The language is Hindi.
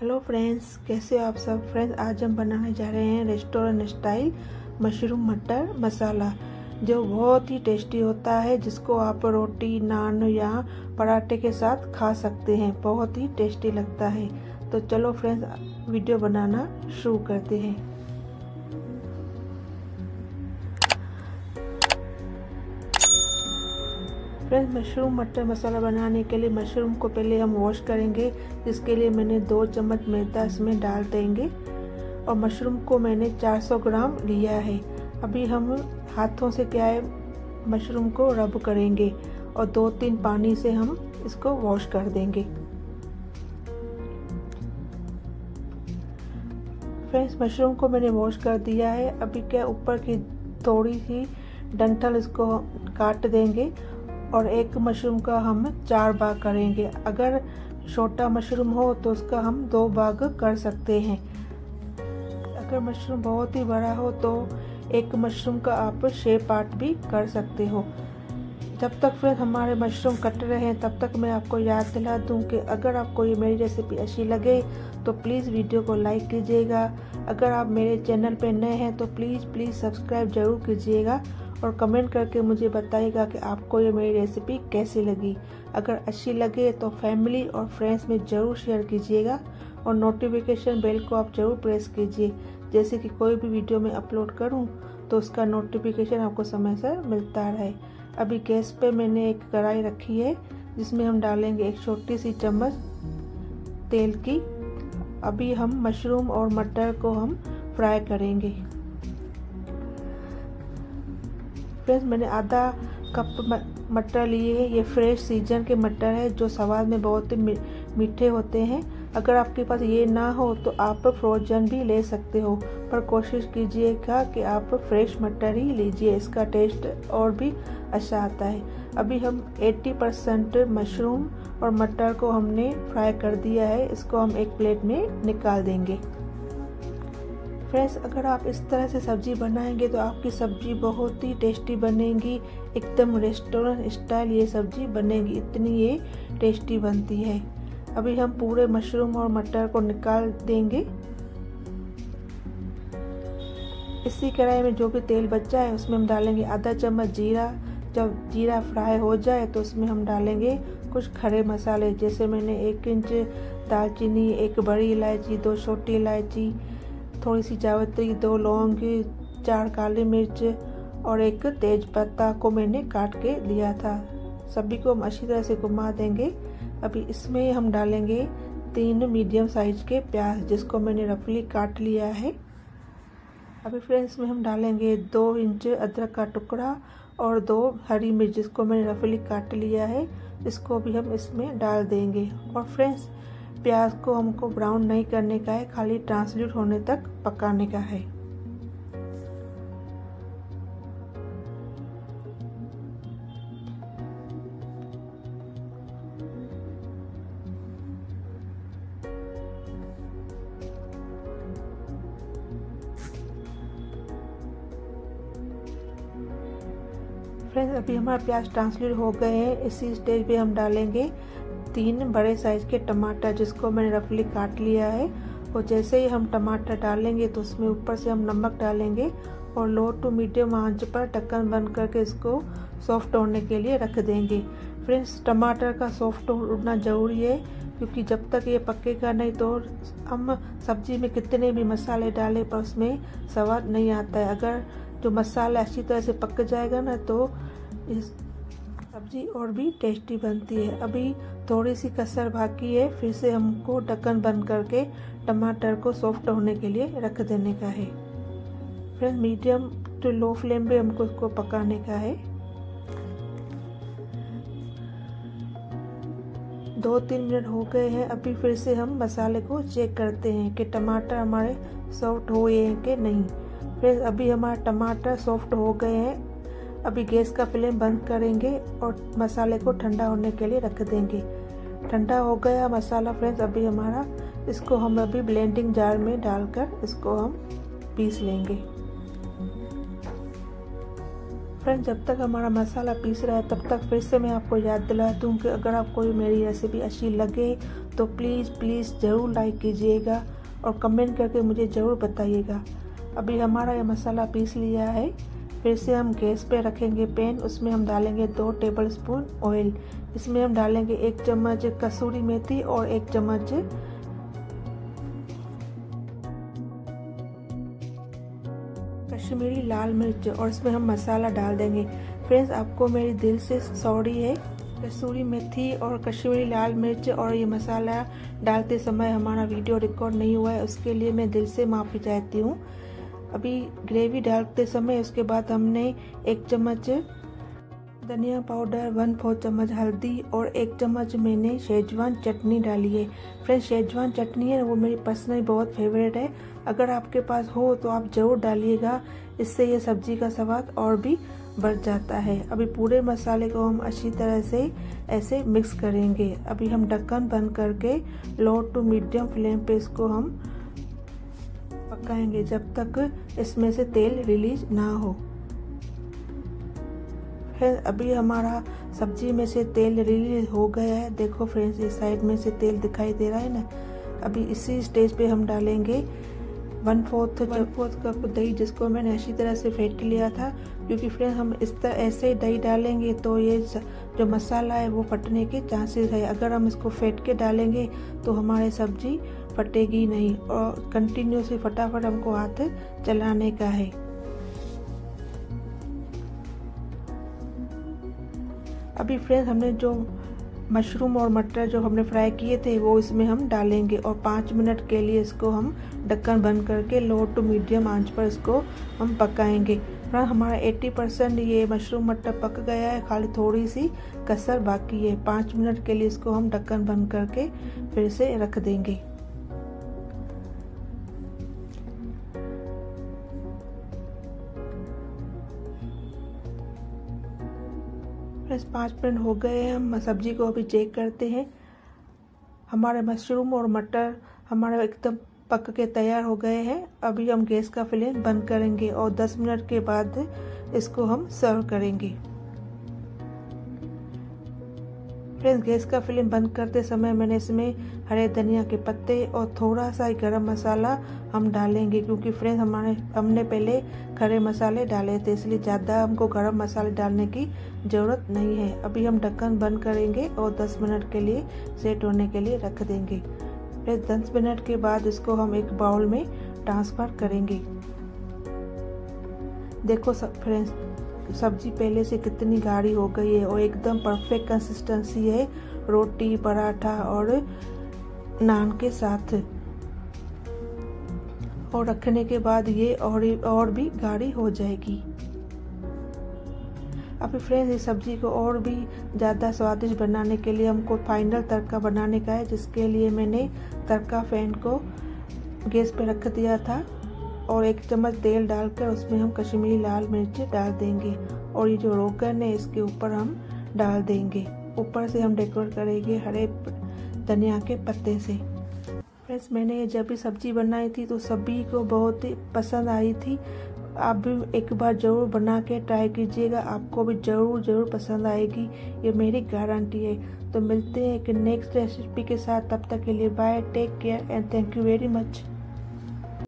हेलो फ्रेंड्स कैसे हो आप सब फ्रेंड्स आज हम बनाने जा रहे हैं रेस्टोरेंट स्टाइल मशरूम मटर मसाला जो बहुत ही टेस्टी होता है जिसको आप रोटी नान या पराठे के साथ खा सकते हैं बहुत ही टेस्टी लगता है तो चलो फ्रेंड्स वीडियो बनाना शुरू करते हैं फ्रेंड्स मशरूम मटर मसाला बनाने के लिए मशरूम को पहले हम वॉश करेंगे इसके लिए मैंने दो चम्मच मैदा इसमें डाल देंगे और मशरूम को मैंने 400 ग्राम लिया है अभी हम हाथों से क्या है मशरूम को रब करेंगे और दो तीन पानी से हम इसको वॉश कर देंगे फ्रेंड्स मशरूम को मैंने वॉश कर दिया है अभी क्या ऊपर की थोड़ी सी डंठल इसको काट देंगे और एक मशरूम का हम चार भाग करेंगे अगर छोटा मशरूम हो तो उसका हम दो भाग कर सकते हैं अगर मशरूम बहुत ही बड़ा हो तो एक मशरूम का आप छः पार्ट भी कर सकते हो जब तक फिर हमारे मशरूम कट रहे हैं तब तक मैं आपको याद दिला दूं कि अगर आपको ये मेरी रेसिपी अच्छी लगे तो प्लीज़ वीडियो को लाइक कीजिएगा अगर आप मेरे चैनल पर नए हैं तो प्लीज़ प्लीज़ सब्सक्राइब ज़रूर कीजिएगा और कमेंट करके मुझे बताइएगा कि आपको ये मेरी रेसिपी कैसी लगी अगर अच्छी लगे तो फैमिली और फ्रेंड्स में ज़रूर शेयर कीजिएगा और नोटिफिकेशन बेल को आप ज़रूर प्रेस कीजिए जैसे कि कोई भी वीडियो मैं अपलोड करूँ तो उसका नोटिफिकेशन आपको समय से मिलता रहे अभी गैस पे मैंने एक कढ़ाई रखी है जिसमें हम डालेंगे एक छोटी सी चम्मच तेल की अभी हम मशरूम और मटर को हम फ्राई करेंगे फ्रेंड्स मैंने आधा कप मटर लिए हैं ये फ्रेश सीजन के मटर है जो स्वाद में बहुत ही मीठे होते हैं अगर आपके पास ये ना हो तो आप फ्रोजन भी ले सकते हो पर कोशिश कीजिएगा कि आप फ्रेश मटर ही लीजिए इसका टेस्ट और भी अच्छा आता है अभी हम 80 परसेंट मशरूम और मटर को हमने फ्राई कर दिया है इसको हम एक प्लेट में निकाल देंगे फ्रेंड्स अगर आप इस तरह से सब्ज़ी बनाएंगे तो आपकी सब्ज़ी बहुत ही टेस्टी बनेगी एकदम रेस्टोरेंट स्टाइल ये सब्ज़ी बनेगी इतनी ये टेस्टी बनती है अभी हम पूरे मशरूम और मटर को निकाल देंगे इसी कढ़ाई में जो भी तेल बचा है उसमें हम डालेंगे आधा चम्मच जीरा जब जीरा फ्राई हो जाए तो उसमें हम डालेंगे कुछ खड़े मसाले जैसे मैंने एक इंच दालचीनी एक बड़ी इलायची दो छोटी इलायची थोड़ी सी जावित्री दो लौंग चार काली मिर्च और एक तेज पत्ता को मैंने काट के लिया था सभी को हम अच्छी तरह से घुमा देंगे अभी इसमें हम डालेंगे तीन मीडियम साइज के प्याज जिसको मैंने रफली काट लिया है अभी फ्रेंड्स में हम डालेंगे दो इंच अदरक का टुकड़ा और दो हरी मिर्च जिसको मैंने रफली काट लिया है इसको भी हम इसमें डाल देंगे और फ्रेंड्स प्याज को हमको ब्राउन नहीं करने का है खाली ट्रांसल्यूट होने तक पकाने का है फ्रेंड्स अभी हमारा प्याज ट्रांसलेट हो गए हैं इसी स्टेज पे हम डालेंगे तीन बड़े साइज के टमाटर जिसको मैंने रफली काट लिया है और जैसे ही हम टमाटर डालेंगे तो उसमें ऊपर से हम नमक डालेंगे और लो टू मीडियम आंच पर टक्कर बंद करके इसको सॉफ्ट होने के लिए रख देंगे फ्रेंड्स टमाटर का सॉफ्ट होना ज़रूरी है क्योंकि जब तक ये पकेगा नहीं तो हम सब्जी में कितने भी मसाले डालें पर उसमें स्वाद नहीं आता है अगर जो मसाला अच्छी तरह से पक जाएगा ना तो इस सब्जी और भी टेस्टी बनती है अभी थोड़ी सी कसर बाकी है फिर से हमको ढक्कन बंद करके टमाटर को सॉफ्ट होने के लिए रख देने का है फिर मीडियम टू लो फ्लेम पे हमको उसको पकाने का है दो तीन मिनट हो गए हैं अभी फिर से हम मसाले को चेक करते हैं कि टमाटर हमारे सॉफ्ट हुए हैं कि नहीं फिर अभी हमारा टमाटर सॉफ्ट हो गए हैं अभी गैस का फ्लेम बंद करेंगे और मसाले को ठंडा होने के लिए रख देंगे ठंडा हो गया मसाला फ्रेंड्स अभी हमारा इसको हम अभी ब्लेंडिंग जार में डालकर इसको हम पीस लेंगे फ्रेंड्स जब तक हमारा मसाला पीस रहा है तब तक फिर से मैं आपको याद दिला दूँ कि अगर आपको मेरी रेसिपी अच्छी लगे तो प्लीज़ प्लीज़ ज़रूर लाइक कीजिएगा और कमेंट करके मुझे ज़रूर बताइएगा अभी हमारा ये मसाला पीस लिया है फिर से हम गैस पे रखेंगे पैन उसमें हम डालेंगे दो टेबल स्पून ऑयल इसमें हम डालेंगे एक चम्मच कसूरी मेथी और एक चम्मच कश्मीरी लाल मिर्च और इसमें हम मसाला डाल देंगे फ्रेंड्स आपको मेरी दिल से सॉरी है कसूरी मेथी और कश्मीरी लाल मिर्च और ये मसाला डालते समय हमारा वीडियो रिकॉर्ड नहीं हुआ है उसके लिए मैं दिल से माफ़ी चाहती हूँ अभी ग्रेवी डालते समय उसके बाद हमने एक चम्मच धनिया पाउडर वन फोर चम्मच हल्दी और एक चम्मच मैंने शेजवान चटनी डाली है फ्रेंड शेजवान चटनी है वो मेरी पर्सनली बहुत फेवरेट है अगर आपके पास हो तो आप ज़रूर डालिएगा इससे ये सब्जी का स्वाद और भी बढ़ जाता है अभी पूरे मसाले को हम अच्छी तरह से ऐसे मिक्स करेंगे अभी हम ढक्कन बंद करके लो टू मीडियम फ्लेम पे इसको हम पकाएंगे जब तक इसमें से तेल रिलीज ना हो फ्रेंड्स अभी हमारा सब्जी में से तेल रिलीज हो गया है देखो फ्रेंड्स इस साइड में से तेल दिखाई दे रहा है ना अभी इसी स्टेज पे हम डालेंगे one fourth one fourth cup दही जिसको मैंने अच्छी तरह से फेंट लिया था क्योंकि फ्रेंड हम इस तरह ऐसे ही दही डालेंगे तो ये जो मसाला है वो फटने के चांसेस है अगर हम इसको फेंट के डालेंगे तो हमारी सब्जी फटेगी नहीं और कंटिन्यूसली फटाफट हमको हाथ चलाने का है अभी फ्रेंड्स हमने जो मशरूम और मटर जो हमने फ्राई किए थे वो इसमें हम डालेंगे और पाँच मिनट के लिए इसको हम ढक्कन बंद करके लो टू मीडियम आंच पर इसको हम पकाएंगे फ्रेंड हमारा 80 परसेंट ये मशरूम मटर पक गया है खाली थोड़ी सी कसर बाकी है पाँच मिनट के लिए इसको हम ढक्कन बंद करके फिर से रख देंगे बस पाँच मिनट हो गए हम सब्जी को अभी चेक करते हैं हमारे मशरूम और मटर हमारे एकदम पक के तैयार हो गए हैं अभी हम गैस का फ्लेम बंद करेंगे और 10 मिनट के बाद इसको हम सर्व करेंगे फ्रेंड्स गैस का फ्लेम बंद करते समय मैंने इसमें हरे धनिया के पत्ते और थोड़ा सा गरम मसाला हम डालेंगे क्योंकि फ्रेंड्स हमारे हमने पहले खड़े मसाले डाले थे इसलिए ज़्यादा हमको गरम मसाले डालने की ज़रूरत नहीं है अभी हम ढक्कन बंद करेंगे और 10 मिनट के लिए सेट होने के लिए रख देंगे फिर दस मिनट के बाद इसको हम एक बाउल में ट्रांसफ़र करेंगे देखो सब फ्रेंड्स सब्जी पहले से कितनी गाढ़ी हो गई है और एकदम परफेक्ट कंसिस्टेंसी है रोटी पराठा और नान के साथ और रखने के बाद ये और और भी गाढ़ी हो जाएगी अभी फ्रेंड्स इस सब्ज़ी को और भी ज़्यादा स्वादिष्ट बनाने के लिए हमको फाइनल तड़का बनाने का है जिसके लिए मैंने तड़का फैन को गैस पर रख दिया था और एक चम्मच तेल डालकर उसमें हम कश्मीरी लाल मिर्च डाल देंगे और ये जो रोगन है इसके ऊपर हम डाल देंगे ऊपर से हम डेकोरेट करेंगे हरे धनिया के पत्ते से फ्रेंड्स मैंने ये जब भी सब्जी बनाई थी तो सभी को बहुत ही पसंद आई थी आप भी एक बार ज़रूर बना के ट्राई कीजिएगा आपको भी ज़रूर ज़रूर पसंद आएगी ये मेरी गारंटी है तो मिलते हैं एक नेक्स्ट रेसिपी के साथ तब तक के लिए bye take care and thank you very much